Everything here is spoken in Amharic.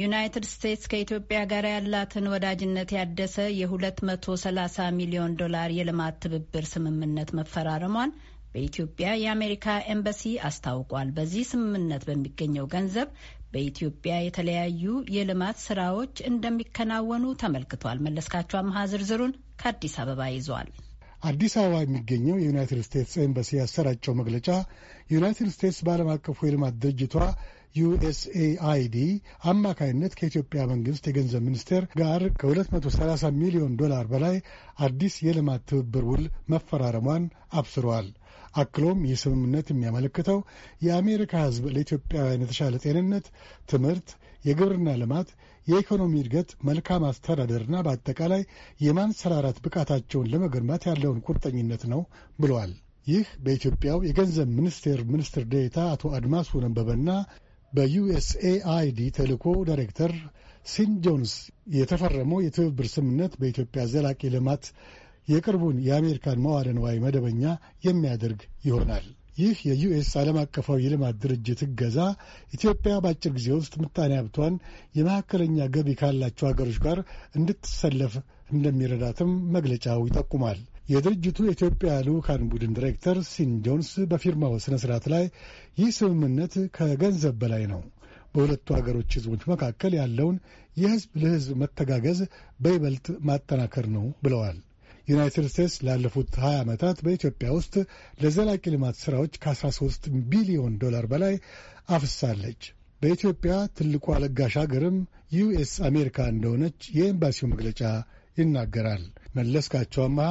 ዩናይትድ ስቴትስ ከኢትዮጵያ ጋር ያላትን ወዳጅነት ያደሰ የ230 ሚሊዮን ዶላር የልማት ትብብር ስምምነት መፈራረሟን በኢትዮጵያ የአሜሪካ ኤምባሲ አስታውቋል። በዚህ ስምምነት በሚገኘው ገንዘብ በኢትዮጵያ የተለያዩ የልማት ስራዎች እንደሚከናወኑ ተመልክቷል። መለስካቸው አምሃ ዝርዝሩን ከአዲስ አበባ ይዟል። አዲስ አበባ የሚገኘው የዩናይትድ ስቴትስ ኤምባሲ ያሰራጨው መግለጫ ዩናይትድ ስቴትስ በዓለም አቀፉ የልማት ድርጅቷ ዩኤስኤአይዲ አማካይነት ከኢትዮጵያ መንግስት የገንዘብ ሚኒስቴር ጋር ከ230 ሚሊዮን ዶላር በላይ አዲስ የልማት ትብብር ውል መፈራረሟን አብስረዋል። አክሎም ይህ ስምምነት የሚያመለክተው የአሜሪካ ሕዝብ ለኢትዮጵያውያን የተሻለ ጤንነት፣ ትምህርት፣ የግብርና ልማት፣ የኢኮኖሚ እድገት፣ መልካም አስተዳደርና በአጠቃላይ የማንሰራራት ብቃታቸውን ለመገንባት ያለውን ቁርጠኝነት ነው ብለዋል። ይህ በኢትዮጵያው የገንዘብ ሚኒስቴር ሚኒስትር ዴታ አቶ አድማሱ ነበበና በዩኤስኤአይዲ ተልእኮ ዳይሬክተር ሲን ጆንስ የተፈረመው የትብብር ስምምነት በኢትዮጵያ ዘላቂ ልማት የቅርቡን የአሜሪካን መዋለ ንዋይ መደበኛ የሚያደርግ ይሆናል። ይህ የዩኤስ ዓለም አቀፋዊ የልማት ድርጅት እገዛ ኢትዮጵያ በአጭር ጊዜ ውስጥ ምጣኔ ሀብቷን የመካከለኛ ገቢ ካላቸው ሀገሮች ጋር እንድትሰለፍ እንደሚረዳትም መግለጫው ይጠቁማል። የድርጅቱ የኢትዮጵያ ልዑካን ቡድን ዲሬክተር ሲን ጆንስ በፊርማው ሥነ ሥርዓት ላይ ይህ ስምምነት ከገንዘብ በላይ ነው፣ በሁለቱ አገሮች ህዝቦች መካከል ያለውን የሕዝብ ለሕዝብ መተጋገዝ በይበልጥ ማጠናከር ነው ብለዋል። ዩናይትድ ስቴትስ ላለፉት 20 ዓመታት በኢትዮጵያ ውስጥ ለዘላቂ ልማት ሥራዎች ከ13 ቢሊዮን ዶላር በላይ አፍሳለች። በኢትዮጵያ ትልቁ አለጋሽ አገርም ዩኤስ አሜሪካ እንደሆነች የኤምባሲው መግለጫ ይናገራል። መለስካቸው አማሃ?